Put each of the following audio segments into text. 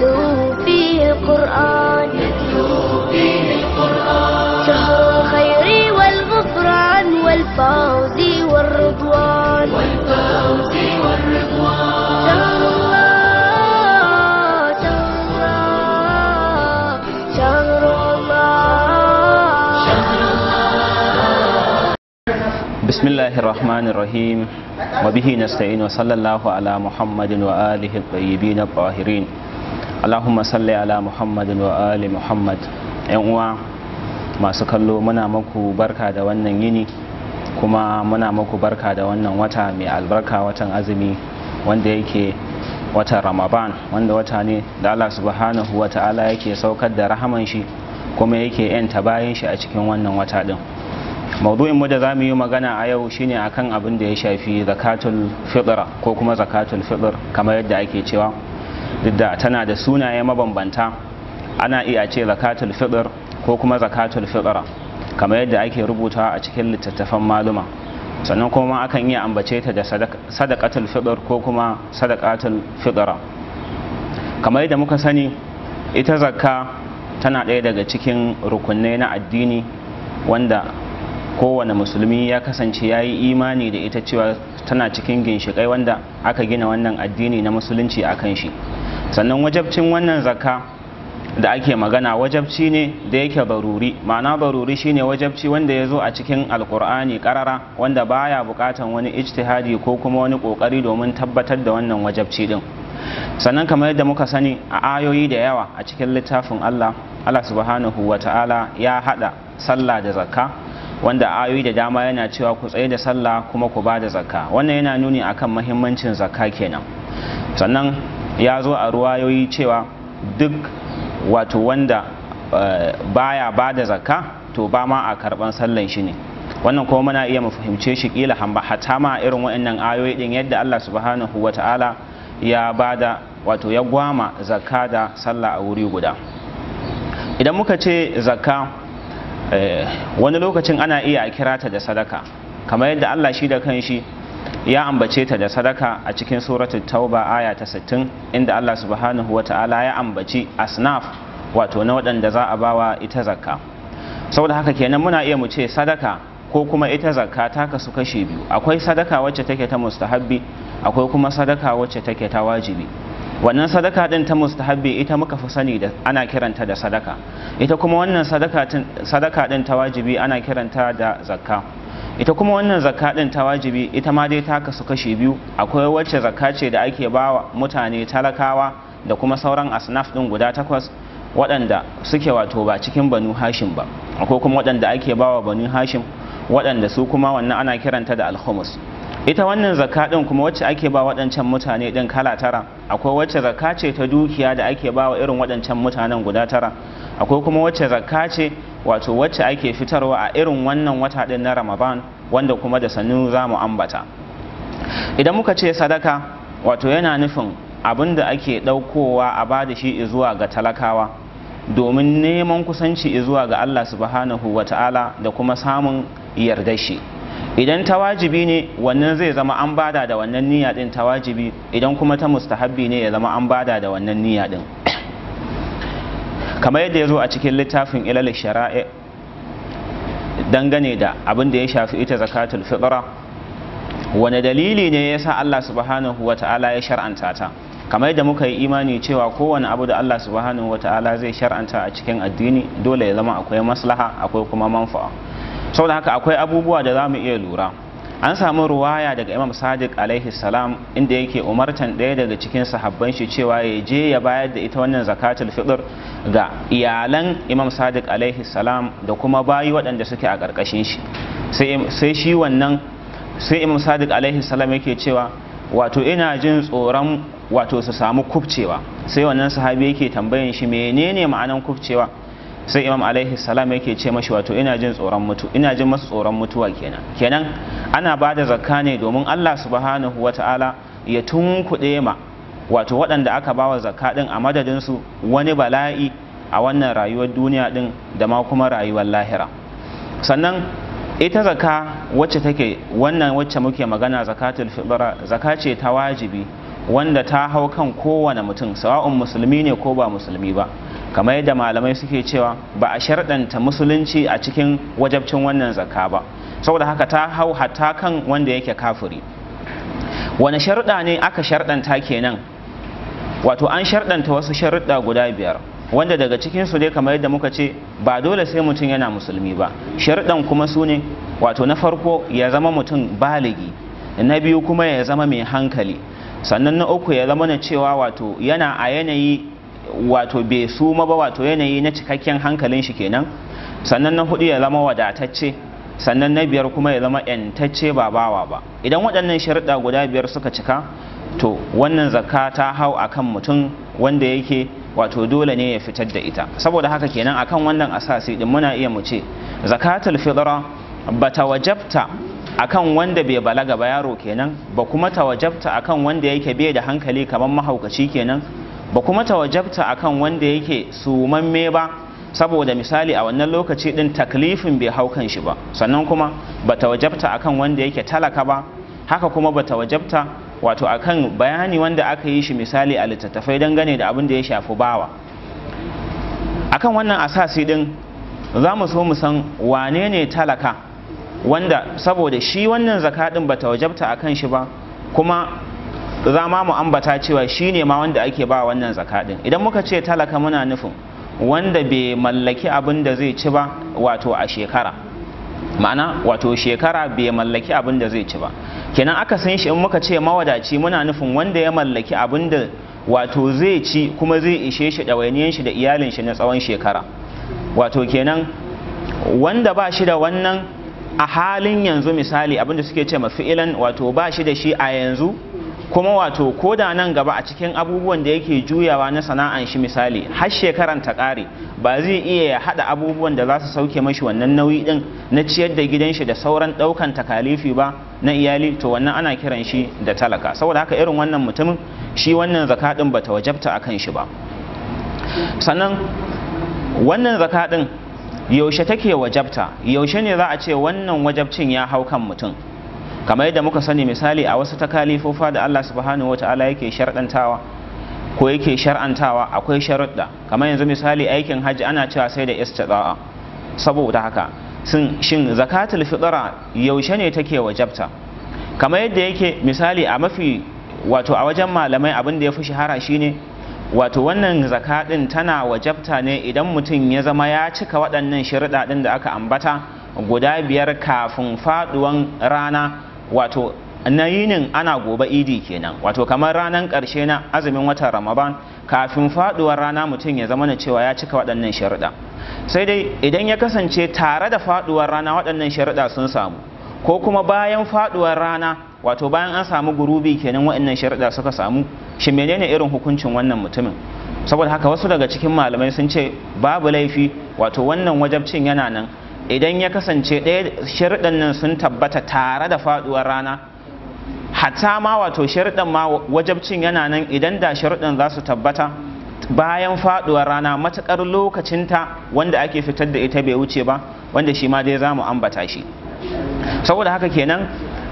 نتلو فيه القرآن نتلو فيه القرآن شهر الخير والغفران والفوز والرضوان والفوز والرضوان شهر الله شهر الله شهر الله بسم الله الرحمن الرحيم وبه نستعين وصلى الله على محمد وآله الطيبين الطاهرين Allahumma salli ala Muhammadu wa ali Muhammad yan uwa masu kallo muna maku barka da wannan yini kuma muna maku barka da wannan wata mai albarka watan azumi wanda yake watan Ramadan wanda wata ne da Allah subhanahu wa ta'ala yake saukar da rahaman shi kuma yake yanta bayan shi a cikin wannan wata din maudu'in mu da za mu yi magana a yau shine akan abin da ya shafi zakatun fitra ko kuma zakatun fitr kamar yadda ake cewa da tana da sunaye mabambanta ana iya ce zakatul fitr ko kuma zakatul fitra kamar yadda ake rubuta a cikin littattafan maluma sannan kuma akan iya ambace ta da sadaqatul fitr ko kuma sadaqatul fitra kamar yadda muka sani ita zakka tana ɗaya daga cikin rukunai na addini wanda kowane musulmi ya kasance ya yi imani da ita cewa tana cikin ginshiƙai wanda aka gina wannan addini na musulunci a kan shi sannan wajabcin wannan zakka da ake magana wajabci ne da yake baruri ma'ana baruri shine wajabci wanda ya zo a cikin alkur'ani karara wanda baya bukatan wani ijtihadi ko kuma wani kokari domin tabbatar da wannan wajabci din sannan kamar yadda muka sani a ayoyi da yawa a cikin littafin Allah Allah subhanahu wata'ala ya hada sallah da zakka wanda ayoyi da dama yana cewa ku tsaye da sallah kuma ku ba da zakka wannan yana nuni akan muhimmancin zakka kenan sannan ya zo a ruwayoyi cewa duk wato wanda eh, baya ba da zakka to ba ma a karban sallan shi ne wannan kuma muna iya mu fahimce shi kila hamba hata ma irin waɗannan ayoyi din yadda Allah subhanahu wata'ala ya bada wato ya gwama zakka da sallah a wuri guda idan muka ce zakka eh, wani lokacin ana iya a kirata da sadaka kamar yadda Allah shi da kanshi ya ambace ta da sadaka a cikin suratul tauba aya ta 60 inda Allah subhanahu wa ta'ala ya ambaci asnaf wato na waɗanda za a bawa ita zakka saboda haka kenan muna iya mu ce sadaka ko kuma ita zakka ta kasu kashe biyu akwai sadaka wacce take ta mustahabbi akwai kuma sadaka wacce take ta wajibi wannan sadaka din ta mustahabbi ita muka fi sani da ana kiranta da sadaka ita kuma wannan sadaka din ta wajibi ana kiranta da zakka ita kuma wannan zakka din ta wajibi ita ma dai ta kasu kashi biyu akwai wacce zakka ce da ake ba wa mutane talakawa da kuma sauran asnaf din guda takwas waɗanda suke wato ba cikin banu hashim ba akwai kuma waɗanda ake ba wa banu hashim waɗanda su kuma wannan ana kiranta da alhumus ita wannan zakka din kuma wacce ake ba waɗancan mutane din kala tara akwai wacce zakka ce ta dukiya da ake ba wa irin waɗancan mutanen guda tara akwai kuma wacce zakka ce wato wacce ake fitarwa a irin wannan wata ɗin na ramadan wanda kuma da sannu za mu ambata idan muka ce sadaka wato yana nufin abin da ake ɗaukowa a ba da shi zuwa ga talakawa domin neman kusanci zuwa ga allah subhanahu wata'ala da kuma samun yarda shi idan ta wajibi ne wannan zai zama an bada da wannan niyya din ta wajibi idan kuma ta mustahabbi ne ya zama an bada da wannan niyya din. kamar yadda ya zo a cikin littafin ilal shara'i dangane da abin da ya shafi ita zakatul fitra wani dalili ne ya sa Allah subhanahu wa ta'ala ya shar'anta ta kamar yadda muka yi imani cewa kowane abu da Allah subhanahu wa ta'ala zai shar'anta a cikin addini dole ya zama akwai maslaha akwai kuma manfa'a saboda haka akwai abubuwa da za mu iya lura an samu ruwaya daga imam sadiq alaihi salam inda yake umartan ɗaya daga cikin sahabban shi cewa ya je ya bayar da ita wannan zakatul fitr ga iyalan imam sadiq alaihi salam da kuma bayi waɗanda suke a ƙarƙashin shi sai shi wannan sai imam sadiq alaihi salam yake cewa wato ina jin tsoron wato su samu kubcewa sai wannan sahabi yake tambayan shi menene ma'anan kufcewa. sai imam alaihi salam yake ce mashi wato ina jin tsoron mutu ina jin masu tsoron mutuwa kenan kenan ana ba da zakka ne domin Allah subhanahu wa ta'ala ya tunkuɗe ma wato waɗanda aka bawa zakka ɗin a madadinsu wani bala'i a wannan rayuwar duniya ɗin da ma kuma rayuwar lahira sannan ita zakka wacce take wannan wacce muke magana zakatul fitra zakka ce ta wajibi wanda ta hau kan kowane mutum sawa'un musulmi ne ko ba musulmi ba kamar yadda malamai suke cewa ba a sharɗanta musulunci a cikin wajabcin wannan zakka ba saboda haka ta hau hatta kan wanda yake kafiri wani sharɗa ne aka sharɗanta kenan wato an sharɗanta wasu sharuɗa guda biyar wanda daga cikin su dai kamar yadda muka ce ba dole sai mutum yana musulmi ba sharuɗan kuma su ne wato na farko ya zama mutum baligi na biyu kuma ya zama mai hankali sannan na uku ya zama na cewa wato yana a yanayi wato bai suma ba wato yanayi na cikakken hankalin shi kenan sannan na hudu ya zama wadatacce sannan na biyar kuma ya zama yantacce ba bawa ba idan waɗannan sharuɗa guda biyar suka cika to wannan zakka ta hau akan mutum wanda yake wato dole ne ya fitar da ita saboda haka kenan akan wannan asasi din muna iya mu ce zakatul fitra bata wajabta akan wanda bai balaga ba yaro kenan ba kuma ta wajabta akan wanda yake bai da hankali kamar mahaukaci kenan ba kuma tawajabta akan wanda yake sumamme ba saboda misali a wannan lokaci din taklifin bai hau kan shi ba sannan kuma ba tawajabta akan wanda yake talaka ba haka kuma ba tawajabta wato akan bayani wanda aka yi shi misali a littattafai dangane da abin da ya shafi bawa akan wannan asasi din za mu so mu san wane ne talaka wanda saboda shi wannan zaka din ba tawajabta akan shi ba kuma to za ma mu ambata cewa shi ne ma wanda ake ba wannan zaka idan muka ce talaka muna nufin wanda bai mallaki abin da zai ci ba wato a shekara ma'ana wato shekara bai mallaki abin da zai ci ba kenan aka san shi in muka ce mawadaci muna nufin wanda ya mallaki abin da wato zai ci kuma zai ishe shi ɗawainiyan shi da iyalin shi na tsawon shekara wato kenan wanda ba shi da wannan a halin yanzu misali abin da suke ce mafi'ilan wato ba shi da shi a yanzu kuma wato ko da nan gaba a cikin abubuwan da yake juyawa na sana'an shi misali har shekaran ta ƙare ba zai iya ya haɗa abubuwan da za su sauke mashi wannan nauyi ɗin na ciyar da gidan shi da sauran ɗaukan takalifi ba na iyali to wannan ana kiran shi da talaka saboda haka irin wannan mutumin shi wannan zaka ɗin ta wajabta akan shi ba sannan wannan zaka ɗin yaushe take wajabta yaushe ne za a ce wannan wajabcin ya hau kan mutum kamar yadda muka sani misali a wasu takalifofa da Allah subhanahu ta'ala yake sharɗantawa ko yake shar'antawa akwai sharuɗa kamar yanzu misali aikin hajji ana cewa sai da istidaa saboda haka shin zakatul fitra yaushe ne take wajabta kamar yadda yake misali a mafi wato a wajen malamai abin da ya fi shahara shine wato wannan zakadin tana wajabta ne idan mutum ya zama ya cika waɗannan ɗin da aka ambata guda biyar kafin faɗuwan rana wato na yinin ana gobe idi kenan wato kamar ranar ƙarshe na azumin watan ramadan kafin faduwar rana mutum ya zama na cewa ya cika waɗannan sharuɗa sai dai idan ya kasance tare da faduwar rana waɗannan sharuɗa sun samu ko kuma bayan faduwar rana wato bayan an samu gurubi kenan waɗannan sharuɗa suka samu shi menene irin hukuncin wannan mutumin saboda haka wasu daga cikin malamai sun ce babu laifi wato wannan wajabcin yana nan idan ya kasance ɗaya sharuɗan nan sun tabbata tare da faɗuwar rana hatta ma wato sharuɗan ma wajabcin yana nan idan da sharuɗan za su tabbata bayan faɗuwar rana matuƙar lokacinta wanda ake fitar da ita bai wuce ba wanda shi ma dai za mu ambata shi saboda haka kenan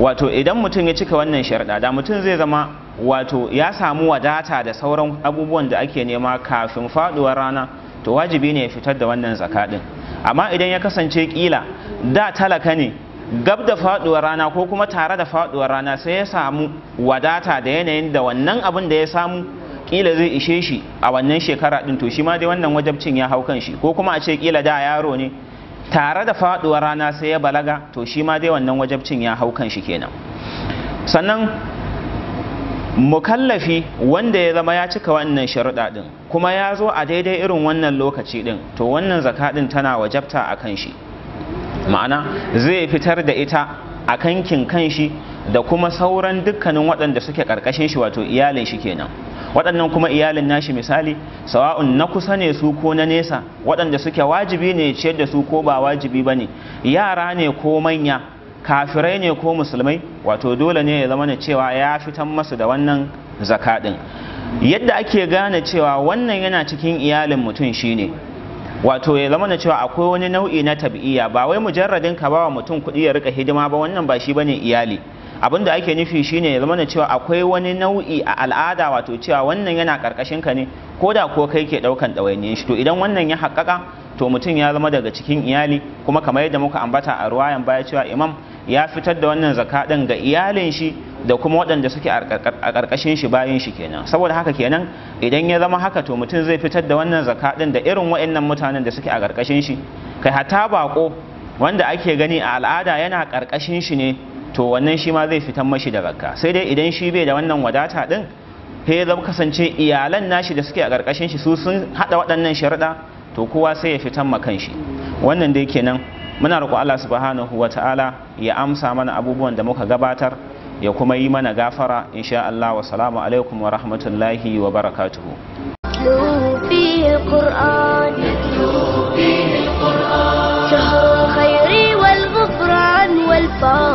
wato idan mutum ya cika wannan sharɗa da mutum zai zama wato ya samu wadata da sauran abubuwan da ake nema kafin faɗuwar rana to wajibi ne ya fitar da wannan zakaɗin amma idan ya kasance kila da talaka ne gab da faduwar rana ko kuma tare da faduwar rana sai ya samu wadata da yanayin da wannan abin da ya samu kila zai ishe shi a wannan shekara din to shi ma dai wannan wajabcin ya hau kan shi ko kuma a ce kila da yaro ne tare da faduwar rana sai ya balaga to shi ma dai wannan wajabcin ya hau kan shi kenan sannan mukallafi wanda ya zama ya cika wannan sharuɗa ɗin kuma ya zo a daidai irin wannan lokaci ɗin to wannan zaka ɗin tana wajabta a kan shi ma'ana zai fitar da ita a kankin shi da kuma sauran dukkanin waɗanda suke ƙarƙashin shi wato iyalin shi kenan waɗannan kuma iyalin nashi misali sawa'un na kusa ne su ko na nesa waɗanda suke wajibi ne ciyar da su ko ba wajibi ba ne yara ne ko manya kafirai ne ko musulmai wato dole ne ya zama na cewa ya fitan masu da wannan zakaɗin yadda ake gane cewa wannan yana cikin iyalin mutum shine wato ya zama ne cewa akwai wani nau'i na tabi'iya ba wai mujarradin ka bawa mutum kuɗi ya rika hidima ba wannan ba shi bane iyali abin da ake nufi shine ya zama ne cewa akwai wani nau'i a al'ada wato cewa wannan yana karkashin ka ne ko da ko kai ke ɗaukan ɗawainiyin shi to idan wannan ya haƙƙaƙa to mutum ya zama daga cikin iyali kuma kamar yadda muka ambata a ruwayan baya cewa imam ya fitar da wannan zaka ɗin ga iyalin shi da kuma waɗanda suke a ƙarƙashin shi bayan shi kenan saboda haka kenan idan ya zama haka to mutum zai fitar da wannan zaka ɗin da irin waɗannan mutanen da suke a ƙarƙashin shi kai hata baƙo wanda ake gani a al'ada yana ƙarƙashin shi ne to wannan shi ma zai fitar mashi da zakka sai dai idan shi bai da wannan wadata ɗin sai zama kasance iyalan nashi da suke a ƙarƙashin shi su sun haɗa waɗannan sharuɗa to kowa sai ya fitan ma shi wannan dai kenan muna roƙo Allah subhanahu wa ta'ala ya amsa mana abubuwan da muka gabatar ya kuma yi mana gafara insha Allah wa salamu alaikum wa rahmatullahi wa barakatuhu شهر